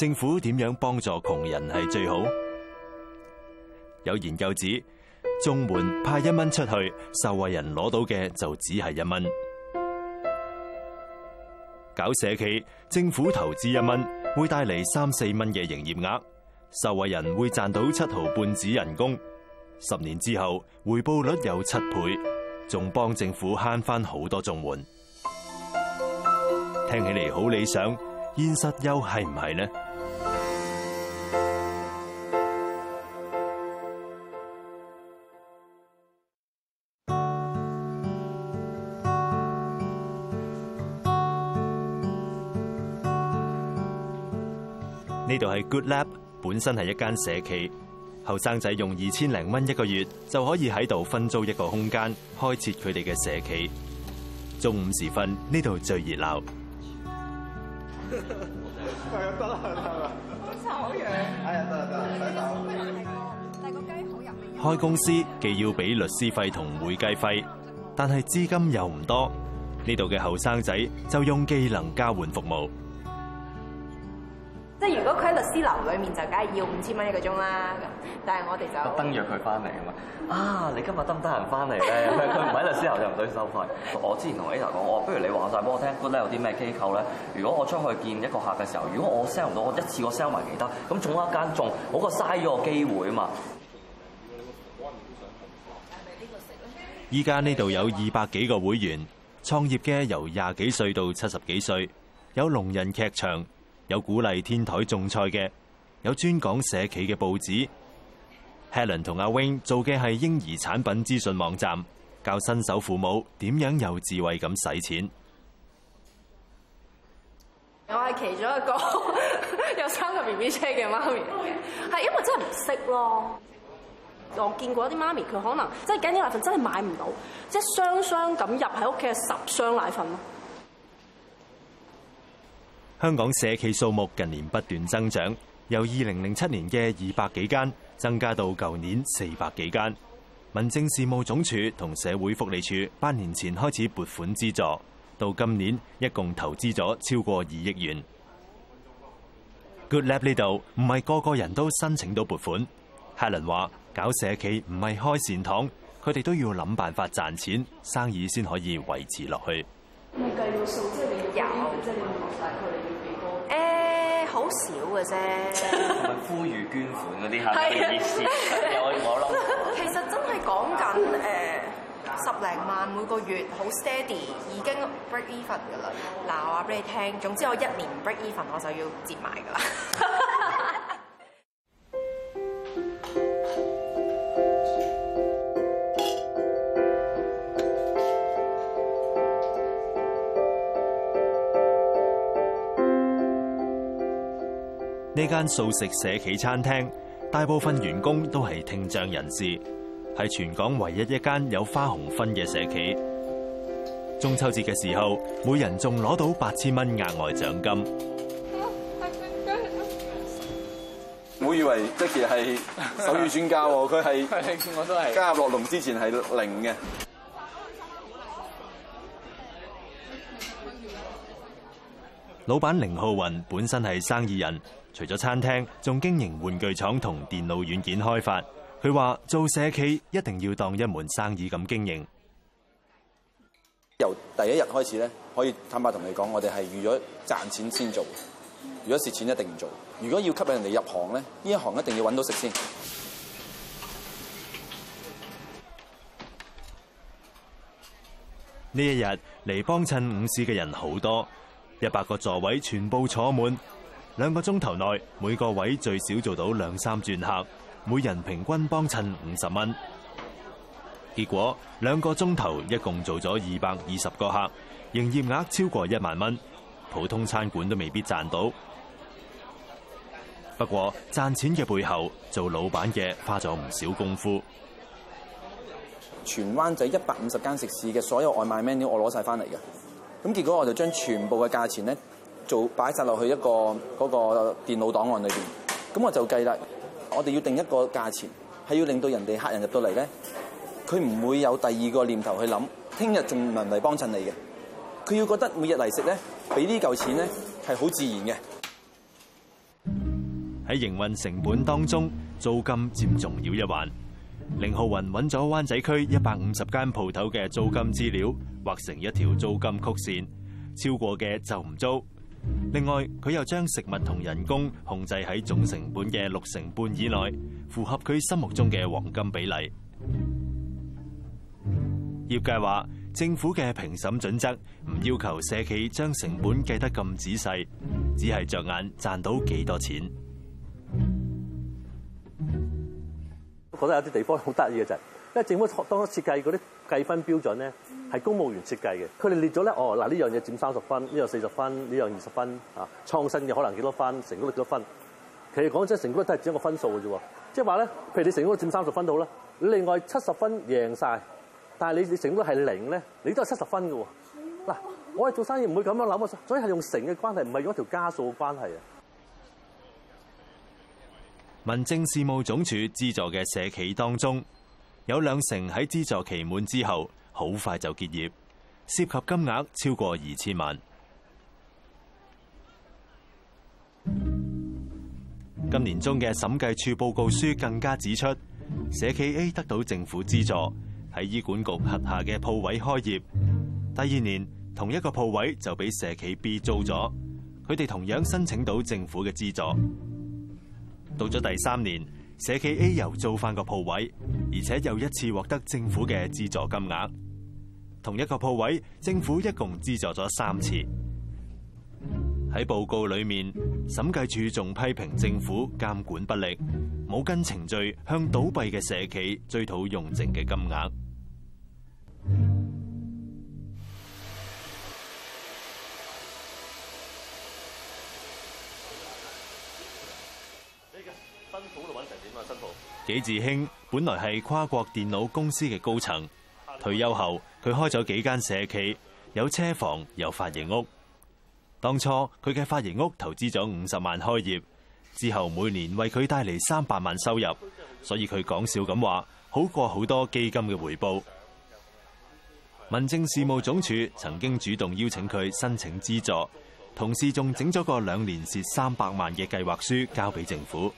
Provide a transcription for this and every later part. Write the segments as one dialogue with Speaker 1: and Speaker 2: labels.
Speaker 1: 政府點樣幫助窮人係最好？有研究指，綜援派一蚊出去，受惠人攞到嘅就只係一蚊。搞社企，政府投資一蚊，會帶嚟三四蚊嘅營業額，受惠人會賺到七毫半紙人工。十年之後，回報率有七倍，仲幫政府慳翻好多綜援。聽起嚟好理想，現實又係唔係呢？Good Lab 本身係一間社企，後生仔用二千零蚊一個月就可以喺度分租一個空間，開設佢哋嘅社企。中午時分，呢度最熱鬧。開公司既要俾律師費同會計費，但係資金又唔多，呢度嘅後生仔就用技能
Speaker 2: 交換服務。
Speaker 3: 即係如果佢喺律師樓裏面就梗係要五
Speaker 2: 千蚊一個鐘啦，咁但係我哋就特登約佢翻嚟啊嘛！啊，你今日得唔得閒翻嚟咧？佢唔喺律師樓就唔使收費。 我之前同 A 頭講，我不如你話晒俾我聽 Good Lab 有啲咩機構咧？如果我出去見一個客嘅時候，如果我 sell 唔到，我一次我 sell 埋其他，咁仲一間仲好過嘥咗個機會啊嘛！
Speaker 1: 依家呢度有二百幾個會員，創業嘅由廿幾歲到七十幾歲，有龍人劇場。有鼓勵天台種菜嘅，有專講社企嘅報紙。Helen 同阿 Wing 做嘅係嬰兒產品資訊網站，教新手父母點樣有智慧咁使錢。
Speaker 3: 我係其中一個有三個 BB 車嘅媽咪，係因為真係唔識咯。我見過啲媽咪，佢可能即係驚啲奶粉真係買唔到，即係雙雙咁入喺屋企係十箱奶粉咯。
Speaker 1: 香港社企數目近年不斷增長，由二零零七年嘅二百幾間增加到舊年四百幾間。民政事務總署同社會福利署八年前開始撥款資助，到今年一共投資咗超過二億元。Good Lab 呢度唔係個個人都申請到撥款。Helen 話：搞社企唔係開善堂，佢哋都要諗辦法賺錢，生意先可以維持落去。
Speaker 4: 嗯
Speaker 3: 好少嘅啫，
Speaker 2: 唔係呼籲捐款嗰啲係。咩意思？ 對啊、
Speaker 3: 其實真係講緊誒
Speaker 4: 十零萬每個月，好 steady 已經 break even 㗎啦。嗱，話俾你聽，
Speaker 3: 總之我一年 break even 我就要接埋㗎啦。
Speaker 1: 呢間素食社企餐廳，大部分員工都係聽障人士，係全港唯一一間有花紅分嘅社企。中秋節嘅時候，每人仲攞到八千蚊額外獎金。我以為即
Speaker 3: Jackie 係手語專家喎，佢係加入落龍之前係零嘅。
Speaker 1: 老闆，凌浩云本身係生意人，除咗餐廳，仲經營玩具廠同電腦軟件開發。佢話做社企一定要當一門生意咁經營。
Speaker 3: 由第一日開始咧，可以坦白同你講，我哋係預咗賺錢先做，如果蝕錢一定唔做。如果要吸引人哋入行咧，呢一行一定要揾到食先。
Speaker 1: 呢一日嚟幫襯午市嘅人好多。一百個座位全部坐滿，兩個鐘頭內每個位最少做到兩三轉客，每人平均幫襯五十蚊。結果兩個鐘頭一共做咗二百二十個客，營業額超過一萬蚊，普通餐館都未必賺到。不過賺錢嘅背後，做老闆嘅花咗唔少功夫。
Speaker 3: 荃灣仔一百五十間食肆嘅所有外賣 menu，我攞晒翻嚟嘅。咁結果我就將全部嘅價錢咧做擺晒落去一個嗰個電腦檔案裏邊。咁我就計啦，我哋要定一個價錢，係要令到人哋客人入到嚟咧，佢唔會有第二個念頭去諗，聽日仲能嚟幫襯你嘅，佢要覺得每日嚟食咧，俾呢嚿錢咧係好自然嘅。
Speaker 1: 喺營運成本當中，租金佔重要一環。凌浩雲搵咗灣仔區一百五十間鋪頭嘅租金資料，畫成一條租金曲線，超過嘅就唔租。另外，佢又將食物同人工控制喺總成本嘅六成半以內，符合佢心目中嘅黃金比例。 業界話，政府嘅評審準則唔要求社企將成本計得咁仔細，只係着眼賺到幾多錢。
Speaker 2: 覺得有啲地方好得意嘅就係，因為政府當初設計嗰啲計分標準咧，係公務員設計嘅。佢哋列咗咧，哦嗱呢樣嘢佔三十分，呢樣四十分，呢樣二十分啊，創新嘅可能幾多分，成功率幾多分。其實講真，成功率都係只一個分數嘅啫喎。即係話咧，譬如你成功率佔三十分都好啦，你另外七十分贏晒，但係你你成功率係零咧，你都係七十分㗎喎。嗱，我哋做生意唔會咁樣諗啊，所以係用乘嘅關係，唔係嗰條加數嘅關係啊。
Speaker 1: 民政事務總署資助嘅社企當中，有兩成喺資助期滿之後，好快就結業，涉及金額超過二千萬。今年中嘅審計處報告書更加指出，社企 A 得到政府資助喺醫管局轄下嘅鋪位開業，第二年同一個鋪位就俾社企 B 租咗，佢哋同樣申請到政府嘅資助。到咗第三年，社企 A 又做翻個鋪位，而且又一次獲得政府嘅資助金額。同一個鋪位，政府一共資助咗三次。喺報告裏面，審計署仲批評政府監管不力，冇跟程序向倒閉嘅社企追討用剩嘅金額。紀志興本來係跨國電腦公司嘅高層，退休後佢開咗幾間社企，有車房，有髮型屋。當初佢嘅髮型屋投資咗五十萬開業，之後每年為佢帶嚟三百萬收入，所以佢講笑咁話好過好多基金嘅回報。民政事務總署曾經主動邀請佢申請資助，同事仲整咗個兩年蝕三百萬嘅計劃書交俾政府。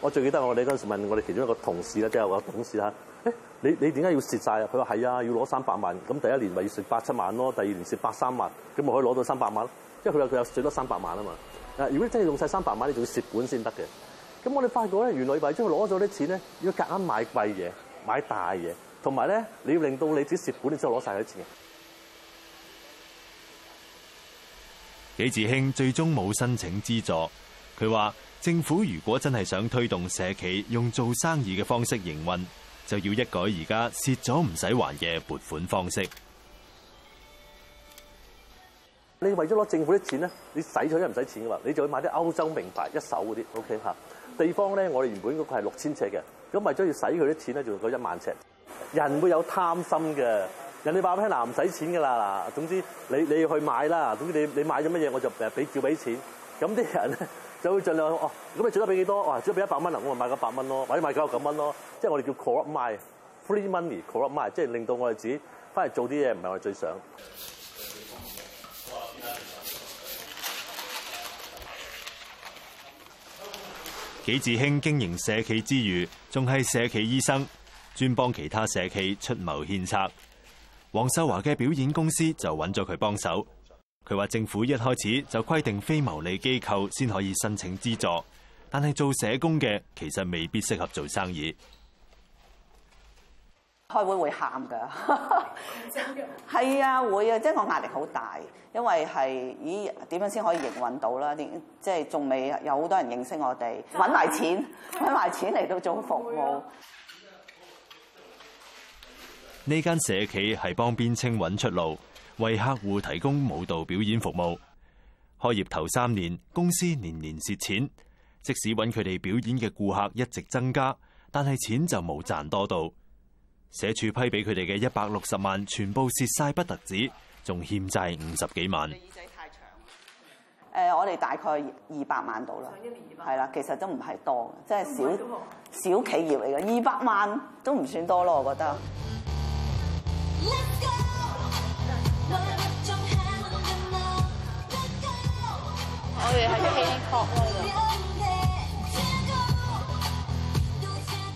Speaker 2: 我最記得我哋嗰陣時問我哋其中一個同事啦，即係我董事啦。誒，你你點解要蝕晒？啊？佢話係啊，要攞三百萬。咁第一年咪要蝕八七萬咯，第二年蝕八三萬，咁咪可以攞到三百萬咯。因為佢話佢有最多三百萬啊嘛。嗱，如果你真係用晒三百萬，你仲要蝕本先得嘅。咁我哋發覺咧，原來你為咗攞咗啲錢咧，要夾硬買貴嘢、買大嘢，同埋咧你要令到你自己蝕本，你先攞曬啲錢。
Speaker 1: 幾志興最終冇申請資助，佢話。政府如果真係想推動社企用做生意嘅方式營運，就要一改而家蝕咗唔使還嘅撥款方式。
Speaker 2: 你為咗攞政府啲錢咧，你使咗都唔使錢噶嘛，你就要買啲歐洲名牌一手嗰啲。OK 吓，地方咧，我哋原本嗰個係六千尺嘅，咁為咗要使佢啲錢咧，就夠一萬尺。人會有貪心嘅，人哋話咩啦？唔使錢噶啦，總之你你要去買啦，總之你你買咗乜嘢，我就誒俾叫俾錢。咁啲人咧。就會盡量哦，咁你最得俾幾多？哇，啊，最多俾一百蚊啦，我咪買九百蚊咯，或者買九十九蚊咯。即係我哋叫 corrupt my free money，corrupt my，即係令到我哋自己翻嚟做啲嘢，唔係我哋最想。
Speaker 1: 紀志興經營社企之餘，仲係社企醫生，專幫其他社企出謀獻策。黃秀華嘅表演公司就揾咗佢幫手。佢話：政府一開始就規定非牟利機構先可以申請資助，但係做社工嘅其實未必適合做生意。
Speaker 3: 開會會喊㗎，係啊，會啊，即係我壓力好大，因為係咦點樣先可以營運到啦？即係仲未有好多人認識我哋，揾埋錢，揾埋錢嚟到做服務。
Speaker 1: 呢間社企係幫邊青揾出路。為客戶提供舞蹈表演服務，開業頭三年公司年年蝕錢，即使揾佢哋表演嘅顧客一直增加，但係錢就冇賺多到。社署批俾佢哋嘅一百六十萬，全部蝕晒不特止，仲欠債五十幾萬。
Speaker 3: 誒、呃，我哋大概二百萬到啦，係啦，其實都唔係多，即係少。小企業嚟嘅，二百萬都唔算多咯，我覺得。嗯我哋喺戲院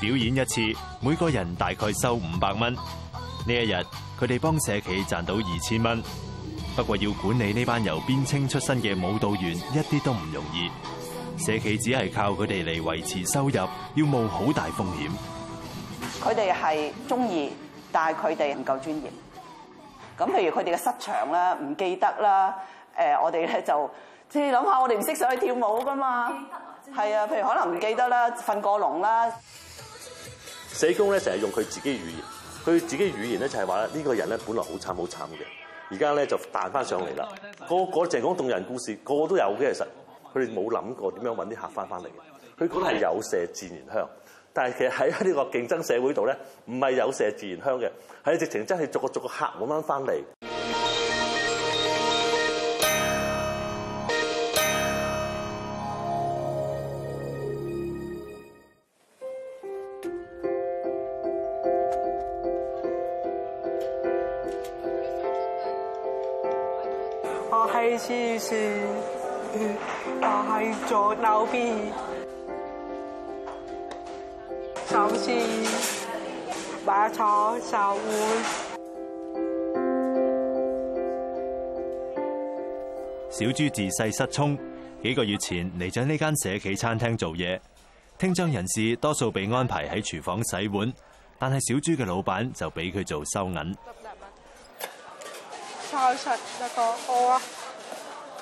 Speaker 1: 表演一次，每個人大概收五百蚊。呢一日佢哋幫社企賺到二千蚊。不過要管理呢班由邊青出身嘅舞蹈員，一啲都唔容易。社企只係靠佢哋嚟維持收入，要冒好大風險。
Speaker 3: 佢哋係中意，但係佢哋唔夠專業。咁譬如佢哋嘅失場啦，唔記得啦，誒，我哋咧就。你諗下，我哋唔識上去跳舞噶嘛？係啊，譬如可能唔記得啦，瞓過籠啦。
Speaker 2: 社工咧成日用佢自己語言，佢自己語言咧就係話呢個人咧本來好慘好慘嘅，而家咧就彈翻上嚟啦。個個淨係講動人故事，個個都有嘅。其實佢哋冇諗過點樣揾啲客翻翻嚟嘅。佢講係有麝自然香，但係其實喺呢個競爭社會度咧，唔係有麝自然香嘅，係直情真係逐個逐個客咁樣翻嚟。
Speaker 3: 係小事，但係做牛逼。
Speaker 4: 首先唔係坐受
Speaker 1: 小朱自細失聰，幾個月前嚟咗呢間社企餐廳做嘢。聽障人士多數被安排喺廚房洗碗，但係小朱嘅老闆就俾佢做收銀。
Speaker 3: 收十十個
Speaker 4: 好啊！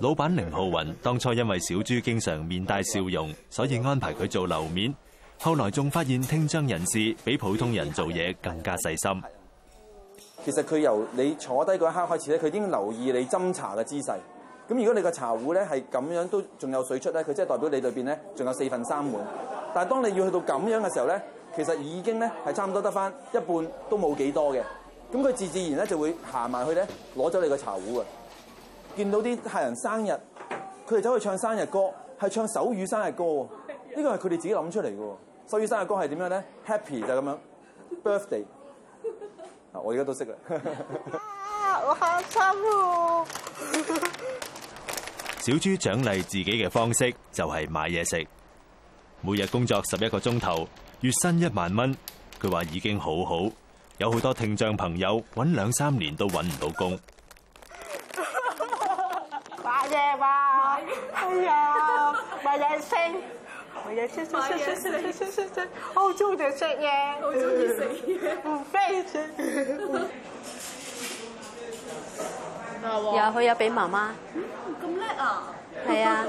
Speaker 1: 老闆凌浩雲當初因為小朱經常面帶笑容，所以安排佢做樓面。後來仲發現聽障人士比普通人做嘢更加細心。
Speaker 3: 其實佢由你坐低嗰一刻開始咧，佢已經留意你斟茶嘅姿勢。咁如果你個茶壺咧係咁樣都仲有水出咧，佢即係代表你裏邊咧仲有四分三碗。但係當你要去到咁樣嘅時候咧，其實已經咧係差唔多得翻一半，都冇幾多嘅。咁佢自自然咧就會行埋去咧攞走你個茶壺啊！見到啲客人生日，佢哋走去唱生日歌，係唱手語生日歌喎。呢個係佢哋自己諗出嚟嘅喎。手語生日歌係點樣咧？Happy 就咁樣，Birthday。我而家都識喇
Speaker 2: 啊，我好親咯！
Speaker 1: 小朱獎勵自己嘅方式就係買嘢食。每日工作十一個鐘頭，月薪一萬蚊，佢話已經好好。有好多聽障朋友揾兩三年都揾唔到工。
Speaker 4: 係嘛？哎呀，咪嚟食，咪嚟食食食食食食食，好中意食嘢，好中
Speaker 3: 意食嘢，唔悲啫。然後佢有俾媽媽。
Speaker 4: 咁叻啊！係啊！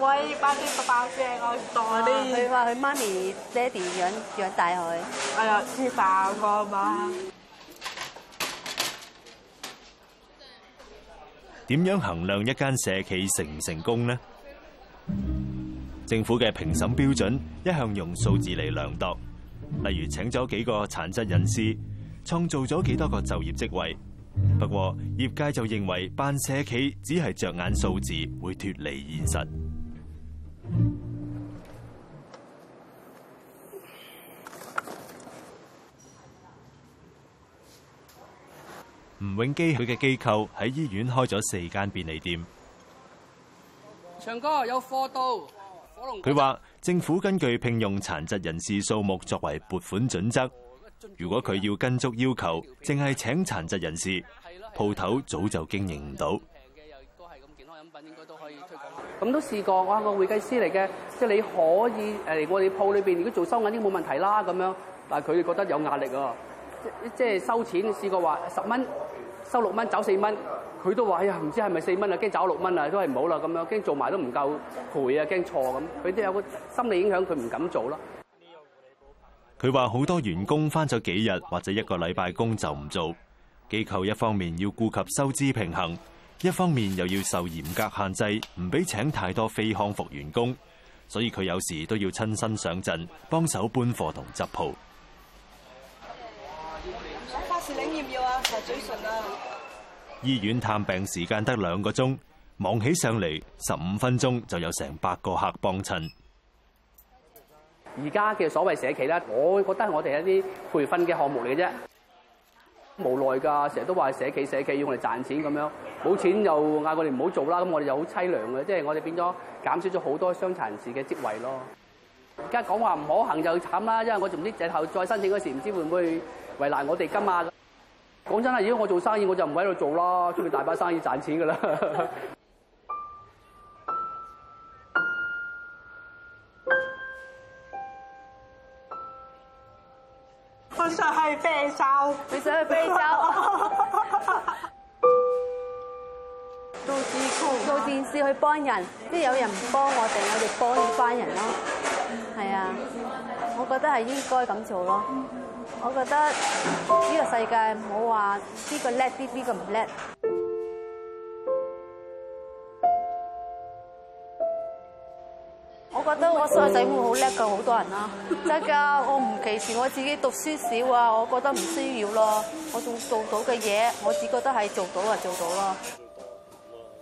Speaker 4: 喂，八千八百正，我當。佢話：
Speaker 3: 佢媽咪、爹哋養養大佢。哎呀，舒服啊
Speaker 4: 嘛！
Speaker 1: 點樣衡量一間社企成唔成功呢？政府嘅評審標準一向用數字嚟量度，例如請咗幾個殘疾人士，創造咗幾多個就業職位。不過業界就認為辦社企只係着眼數字，會脫離現實。吳永基佢嘅機構喺醫院開咗四間便利店。
Speaker 2: 長哥有貨到，火龍佢話
Speaker 1: 政府根據聘用殘疾人士數目作為撥款準則，如果佢要跟足要求，淨係請殘疾人士，鋪頭早就經營唔到。平嘅又都係咁，健康飲
Speaker 2: 品應該都可以推廣。咁都試過，我係個會計師嚟嘅，即係你可以嚟我哋鋪裏邊，如果做收銀都冇問題啦咁樣，但係佢哋覺得有壓力啊。即係收錢試過話十蚊收六蚊走四蚊，佢都話：哎呀，唔知係咪四蚊啊？驚走六蚊啊，都係唔好啦咁樣。驚做埋都唔夠賠啊，驚錯咁。佢都有個心理影響，佢唔敢做咯。
Speaker 1: 佢話好多員工返咗幾日或者一個禮拜工就唔做。機構一方面要顧及收支平衡，一方面又要受嚴格限制，唔俾請太多非康復員工。所以佢有時都要親身上陣，幫手搬貨同執鋪。
Speaker 2: 領要唔要啊？
Speaker 1: 嘴唇啊！醫院探病時間得兩個鐘，忙起上嚟，十五分鐘就有成百個客幫襯。
Speaker 2: 而家嘅所謂社企咧，我覺得係我哋一啲培訓嘅項目嚟啫。無奈噶，成日都話社企社企要我哋賺錢咁樣，冇錢又嗌我哋唔好做啦。咁、就是、我哋就好淒涼嘅，即係我哋變咗減少咗好多傷殘人士嘅職位咯。而家講話唔可行就慘啦，因為我仲唔知日後再申請嗰時唔知道會唔會為難我哋㗎嘛。講真係，如果我做生意，我就唔喺度做啦，出去大把生意賺錢噶啦。
Speaker 4: 我實係肥
Speaker 3: 皂，你想去肥皂。做電視去幫人，即係有人唔幫我哋，我哋幫你翻人咯。係啊，我覺得係應該咁做咯。我覺得呢個世界冇話邊個叻，邊個唔叻。我覺得我細仔會好叻過好多人啦，真㗎。我唔歧視我自己讀書少啊，我覺得唔需要咯。我仲做到嘅嘢，我只覺得係做到就做到咯。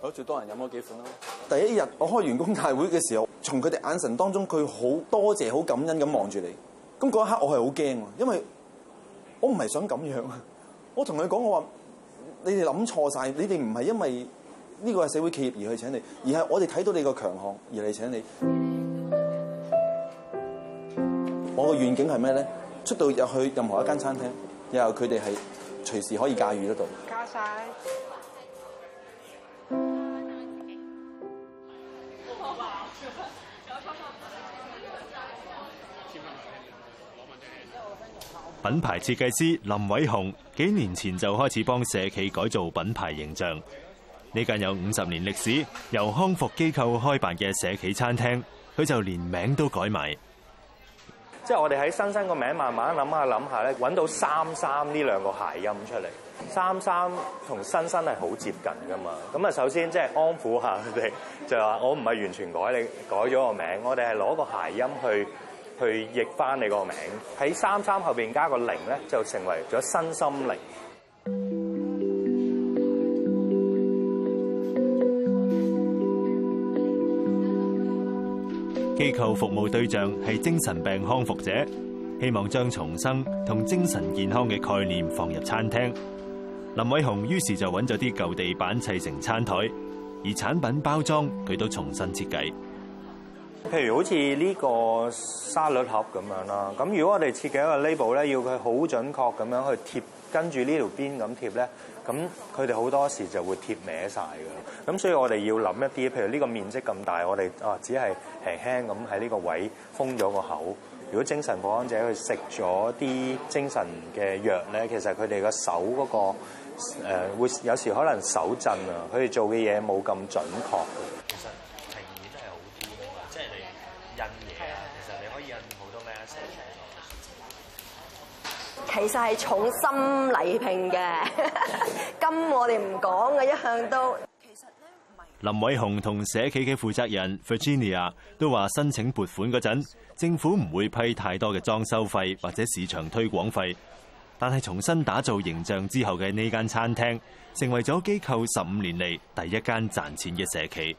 Speaker 3: 最多最多人飲嗰幾款咯。第一日我開員工大會嘅時候，從佢哋眼神當中，佢好多謝、好感恩咁望住你。咁嗰一刻我係好驚，因為我唔係想咁樣啊，我同佢講，我話：你哋諗錯晒，你哋唔係因為呢個係社會企業而去請你，而係我哋睇到你個強項而嚟請你。 我個願景係咩咧？出到入去任何一間餐廳，然後佢哋係隨時可以駕馭得到。加曬。
Speaker 1: 品牌設計師林偉雄幾年前就開始幫社企改造品牌形象。呢間有五十年歷史、由康復機構開辦嘅社企餐廳，佢就連名都改埋。
Speaker 4: 即係我哋喺新生個名，慢慢諗下諗下咧，揾到三三呢兩個諧音出嚟。三三同新生係好接近噶嘛？咁啊，首先即係安撫一下佢哋，就話我唔係完全改你改咗個名，我哋係攞個諧音去。去譯翻你個名，喺三三後面加個零呢，就成為咗身心靈。
Speaker 1: 機構服務對象係精神病康復者，希望將重生同精神健康嘅概念放入餐廳。林偉雄於是就揾咗啲舊地板砌成餐台，而產品包裝佢都重新設計。
Speaker 4: 譬如好似呢個沙律盒咁樣啦，咁如果我哋設計一個 label 咧，要佢好準確咁樣去貼，跟住呢條邊咁貼咧，咁佢哋好多時就會貼歪晒噶啦。咁所以我哋要諗一啲，譬如呢個面積咁大，我哋啊只係輕輕咁喺呢個位封咗個口。如果精神復康者去食咗啲精神嘅藥咧，其實佢哋、個手嗰個誒，會、呃、有時可能手震啊，佢哋做嘅嘢冇咁準確。其實係重心禮聘嘅，噉我哋唔講嘅一向都。
Speaker 1: 林偉雄同社企嘅負責人 Virginia 都話：申請撥款嗰陣，政府唔會批太多嘅裝修費或者市場推廣費。但係重新打造形象之後嘅呢間餐廳，成為咗機構十五年嚟第一間賺錢嘅社企。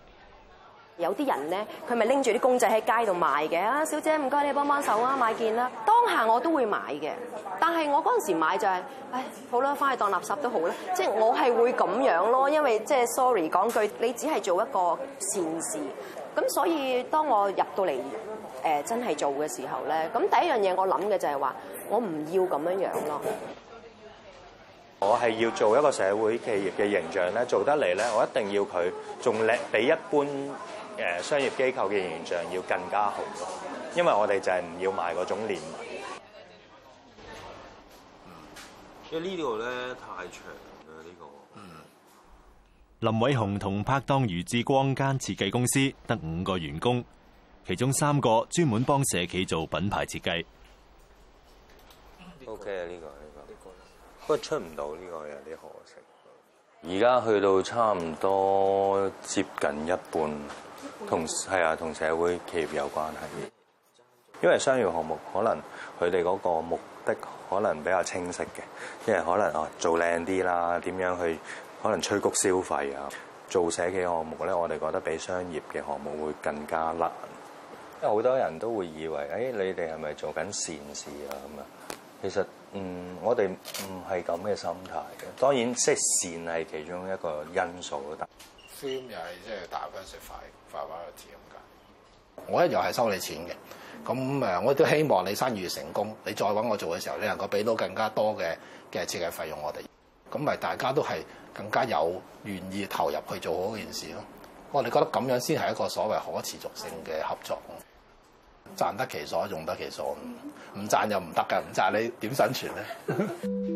Speaker 4: 有啲人咧，佢咪拎住啲公仔喺街度賣嘅啊！小姐，唔該，你幫幫手啊，買件啦！當下我都會買嘅，但係我嗰陣時買就係，唉，好啦，翻去當垃圾都好啦，即係我係會咁樣咯，因為即係 sorry 講句，你只係做一個善事，咁所以當我入到嚟，誒真係做嘅時候咧，咁第一樣嘢我諗嘅就係話，我唔要咁樣樣咯。我係要做一個社會企業嘅形象咧，做得嚟咧，我一定要佢仲叻比一般。誒商業機構嘅形象要更加好，因為我哋就係唔要賣嗰種憐憫。因為呢度咧，太長啦，呢個。林偉雄同
Speaker 1: 拍檔余志光間設計公司得五個員工，其中三個專門
Speaker 4: 幫社企做品牌設計。OK 啊，呢個呢個，不過出唔到呢個有啲可惜。而家去到差唔多接近一半。同係啊，同社會企業有關係，因為商業項目可能佢哋嗰個目的可能比較清晰嘅，即係可能啊做靚啲啦，點樣去可能催谷消費啊。做社企項目咧，我哋覺得比商業嘅項目會更加難，因為好多人都會以為誒、哎、你哋係咪做緊善事啊咁啊？其實嗯，我哋唔係咁嘅心態嘅，當然即善係其中一個因素咯。
Speaker 3: 先又係即係大家食快快揾個錢咁解，我一樣又係收你錢嘅，咁誒我都希望你生意成功，你再揾我做嘅時候，你能夠俾到更加多嘅嘅設計費用我哋，咁咪大家都係更加有願意投入去做好嗰件事咯。我哋覺得咁樣先係一個所謂可持續性嘅合作咯，賺得其所，用得其所，唔賺又唔得㗎，唔賺你點生存咧？